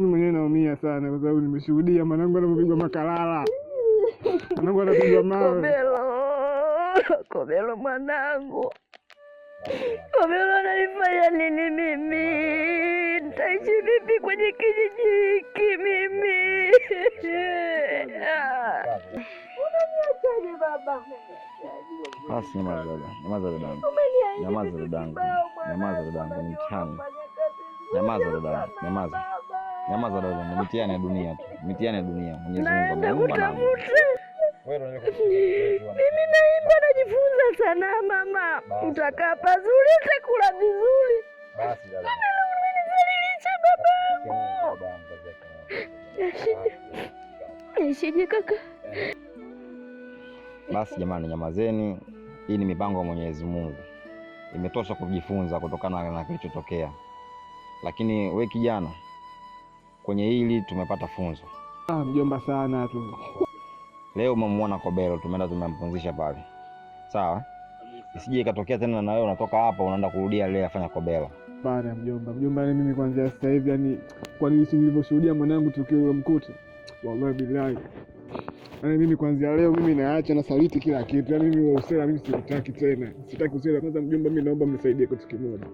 mimi mwenyewe naumia sana kwa sababu nimeshuhudia mwanangu anapopigwa makalala, mwanangu anapigwa mawe. Kobelo, Kobelo mwanangu, Kobelo ananifanya nini mimi? Nitaishi vipi kwenye kijiji hiki mimi? Unaniachaje baba? Basi nyamaza dada, nyamaza dadangu, nyamaza dadangu, nyamaza dadangu, ni mchana. Nyamaza dadangu, nyamaza za dodo ni mitihani ya dunia tu, mitihani ya dunia. Naenda kutafuta mimi, naimba najifunza sana mama. Utakaa pazuri, utakula vizuri. Umenialilisha baba, nishije kaka? Basi jamani, nyamazeni. Hii ni mipango ya Mwenyezi Mungu, imetosha kujifunza kutokana na kilichotokea. Lakini we kijana kwenye hili tumepata funzo. Ah, mjomba sana tu. Leo umemwona Kobelo, tumeenda tumempumzisha pale, sawa. Isije ikatokea tena na wewe unatoka hapa unaenda kurudia leo afanya Kobelo. Bana mjomba, mjomba, ni yaani mimi kwanza sasa hivi, yani kwa nini si nilivyoshuhudia mwanangu tukio la wallahi billahi Yaani mimi kuanzia leo mimi naacha na saliti kila kitu. Yaani mimi usela mimi sitaki tena. Sitaki usela. Kwanza mjomba, mimi naomba mnisaidie kitu kimoja.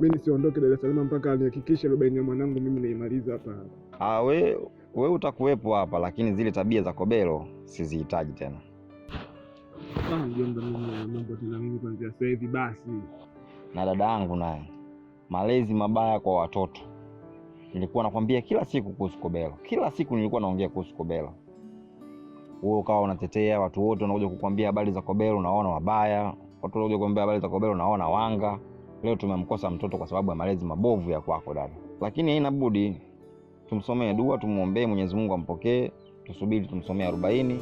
Mimi nisiondoke Dar es Salaam mpaka nihakikishe arobaini ya mwanangu mimi naimaliza hapa. Ah, we we utakuwepo hapa lakini zile tabia za Kobelo sizihitaji tena. Ah, mjomba, mimi mambo tena mimi kuanzia sasa hivi basi. Na dada yangu naye. Malezi mabaya kwa watoto. Nilikuwa nakwambia kila siku kuhusu Kobelo. Kila siku nilikuwa naongea kuhusu Kobelo wewe ukawa unatetea watu wote wanakuja kukwambia habari za Kobelo unaona wabaya, watu wanakuja kukwambia habari za Kobelo unaona wanga. Leo tumemkosa mtoto kwa sababu ya malezi mabovu ya kwako dada, lakini haina budi, tumsomee dua, tumwombee Mwenyezi Mungu ampokee, tusubiri tumsomee arobaini.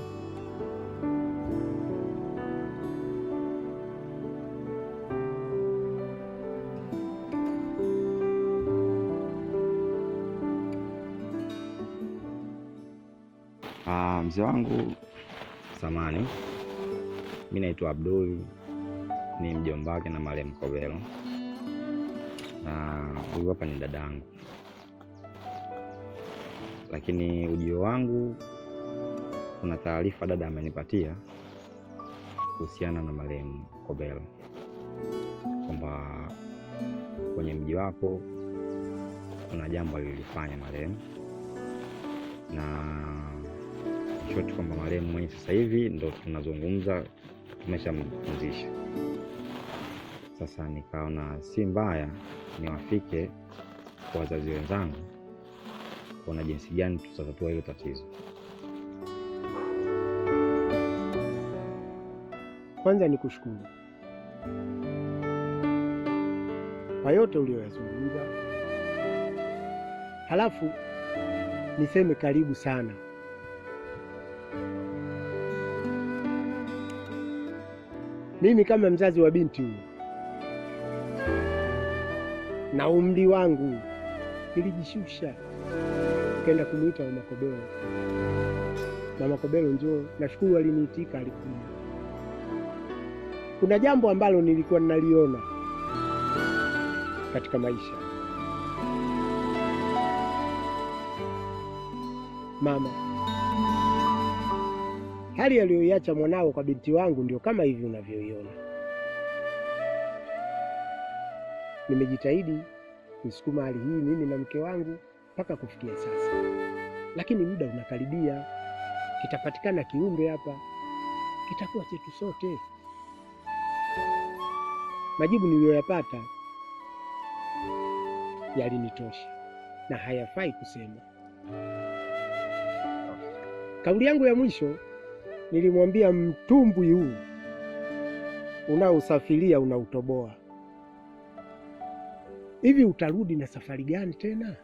Uh, mzee wangu samani, mi naitwa Abdul, ni mjomba wake na Mariam Kobelo, na huyu hapa ni dadangu, lakini ujio wangu, kuna taarifa dada amenipatia kuhusiana na marehemu Kobelo kwamba kwenye mji wako kuna jambo alilifanya Mariam na short kwamba marehemu mwenye sasa hivi ndo tunazungumza, tumeshamtunzisha. Sasa nikaona si mbaya niwafike wazazi wenzangu kuona jinsi gani tutatatua hilo tatizo. Kwanza ni kushukuru kwa yote uliyoyazungumza, halafu niseme karibu sana. Mimi kama mzazi wa binti huyu na umri wangu nilijishusha kenda kumuita Mama Kobelo. Mama Kobelo njoo, nashukuru aliniitika, alikuja. Kuna jambo ambalo nilikuwa ninaliona katika maisha. Mama Hali aliyoiacha mwanao kwa binti wangu ndio kama hivi unavyoiona. Nimejitahidi kusukuma hali hii mimi na mke wangu mpaka kufikia sasa, lakini muda unakaribia. Kitapatikana kiumbe hapa, kitakuwa chetu sote. Majibu niliyoyapata yalinitosha na hayafai kusema. Kauli yangu ya mwisho Nilimwambia mtumbwi huu unaosafiria unautoboa hivi, utarudi na safari gani tena?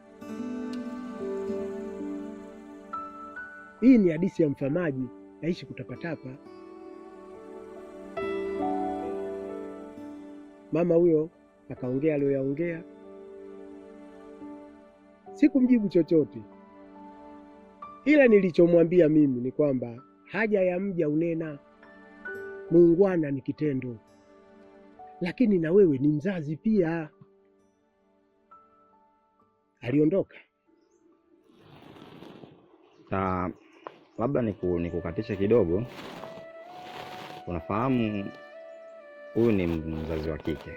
Hii ni hadithi ya mfamaji naishi kutapatapa. Mama huyo akaongea aliyoyaongea, sikumjibu chochote, ila nilichomwambia mimi ni kwamba haja ya mja unena. Muungwana ni kitendo, lakini na wewe ni mzazi pia. Aliondoka. Ta, ah, labda nikukatisha kidogo. Unafahamu huyu ni mzazi wa kike,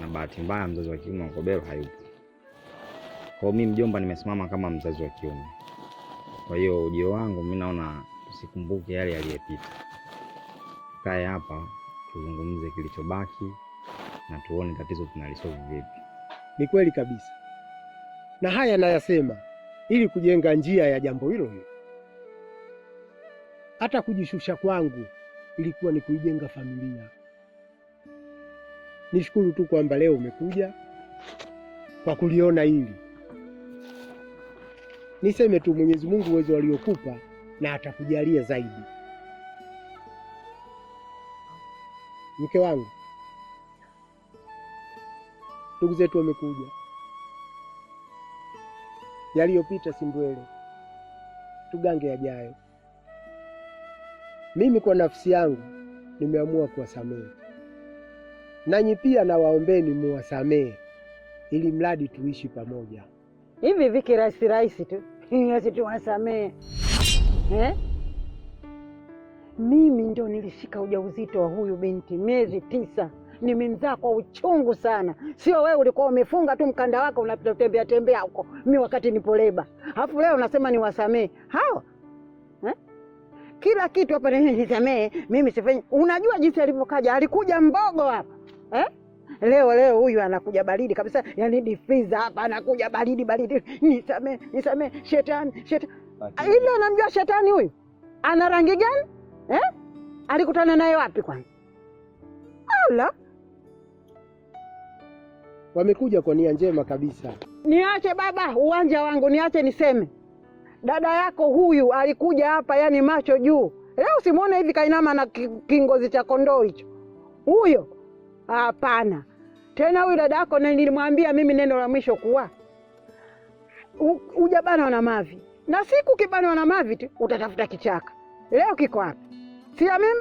na bahati mbaya mzazi wa kiume wa Mkobero hayupo. Kwa hiyo mimi mjomba, nimesimama kama mzazi wa kiume. Kwa hiyo ujio wangu mimi naona usikumbuke yale yaliyopita. Kae hapa tuzungumze kilichobaki na tuone tatizo tunalisolve vipi. Ni kweli kabisa, na haya nayasema ili kujenga njia ya jambo hilo hilo. Hata kujishusha kwangu ilikuwa ni kuijenga familia. Nishukuru tu kwamba leo umekuja kwa kuliona hili. Niseme tu Mwenyezi Mungu uwezo aliokupa na atakujalia zaidi. Mke wangu, ndugu zetu wamekuja, yaliyopita si mbwele, tugange yajayo. Mimi kwa nafsi yangu nimeamua kuwasamehe, nanyi pia nawaombeni muwasamehe, ili mradi tuishi pamoja. Hivi viki rahisi rahisi tu asi eh? Mimi ndio nilishika ujauzito wa huyu binti miezi tisa, nimemzaa kwa uchungu sana. Sio wewe ulikuwa umefunga tu mkanda wako unatembea tembea huko, mi wakati leba. alafu leo unasema niwasamee Hao? eh? Kila kitu hapa nisamee mimi, sifanyi. Unajua jinsi alivyokaja, alikuja mbogo hapa eh? Leo leo huyu anakuja baridi kabisa, yani difiza hapa, anakuja baridi baridi, nisamee nisamee, shetani shetani hilo anamjua shetani huyu ana rangi gani eh? Alikutana naye wapi kwanza? Ala, wamekuja kwa nia njema kabisa. Niache baba, uwanja wangu, niache niseme. Dada yako huyu alikuja hapa, yani macho juu. Leo simwone hivi kainama na kingozi cha kondoo hicho, huyo hapana. Tena huyu dada yako nilimwambia mimi neno la mwisho kuwa ujabana na mavi na siku kibanwa na maviti utatafuta kichaka. Leo kiko hapa, si amini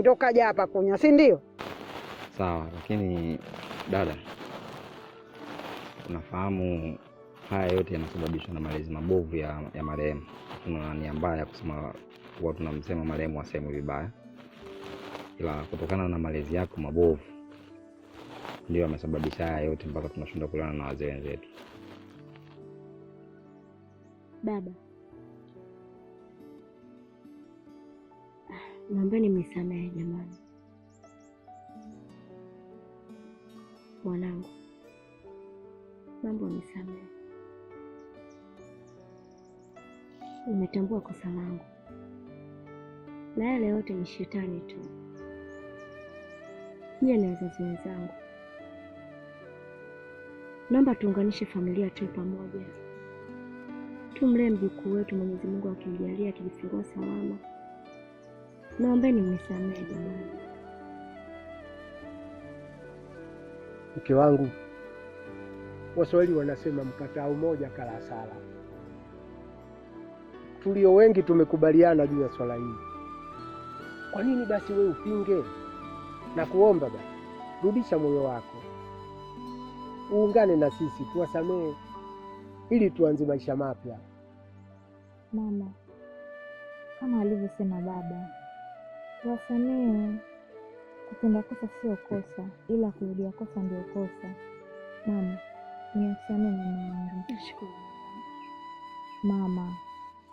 ndio kaja hapa kunya, si ndio? Sawa, lakini dada, unafahamu haya yote yanasababishwa na malezi mabovu ya, ya marehemu. Tuna nia mbaya kusema kuwa tunamsema marehemu wasehemu vibaya, ila kutokana na malezi yako mabovu ndio amesababisha haya yote mpaka tunashindwa kuliana na wazee wenzetu, baba. Naomba nimesamehe jamani. Mwanangu, mambo nisamehe, nimetambua kosa langu, na yale yote ni shetani tu. pia ni wazazi wenzangu, naomba tuunganishe familia tu pamoja, tumlee mjukuu wetu, Mwenyezi Mungu akimjalia, akijifungua salama naombeni mnisamehe jamani. Mke wangu, Waswahili wanasema mkatao umoja kala asala Tulio wengi tumekubaliana juu ya swala hili, kwa nini basi we upinge? Na kuomba basi, rudisha moyo wako uungane na sisi, tuwasamehe ili tuanze maisha mapya. Mama, kama alivyosema baba tuwasamehe. Kutenda kosa sio kosa, ila kurudia kosa ndio kosa. Mama, niwasamehe mama mama.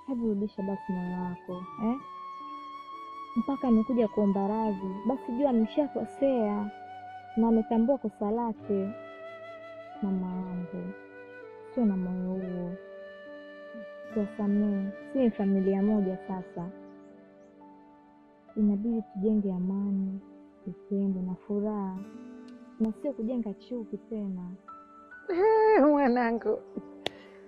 Hebu rudisha basi moyo wako eh? Mpaka amekuja kuomba radhi, basi jua nimeshakosea na ametambua kosa lake. Mama yangu, sio na moyo huo, tuwasamehe. Si familia moja sasa inabidi tujenge amani, upendo na furaha na sio kujenga chuki tena. Eh, mwanangu,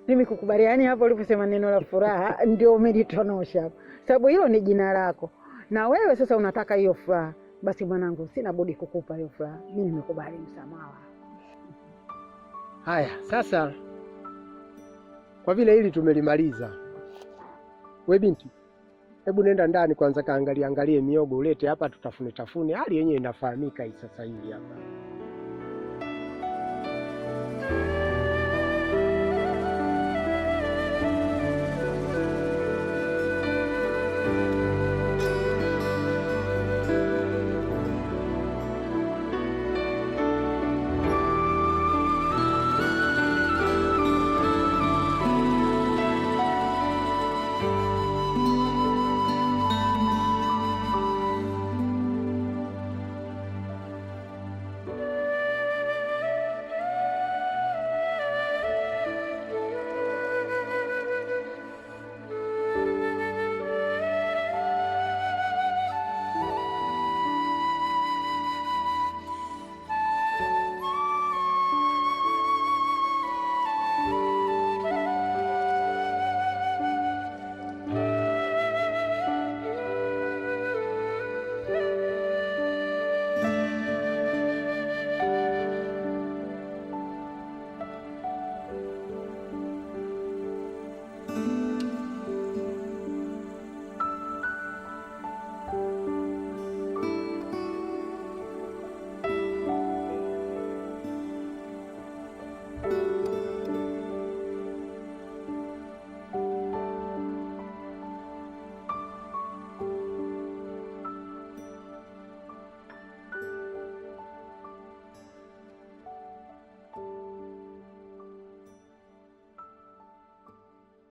mimi kukubaliani hapo uliposema neno la furaha ndio umelitonosha hapo, sababu hilo ni jina lako na wewe sasa unataka hiyo furaha. Basi mwanangu, sina budi kukupa hiyo furaha. Mimi nimekubali msamaha. Haya, sasa kwa vile hili tumelimaliza, we binti hebu nenda ndani kwanza, kaangalia angalie miogo ulete hapa tutafune tafune. Hali yenyewe inafahamika hii sasa hivi hapa.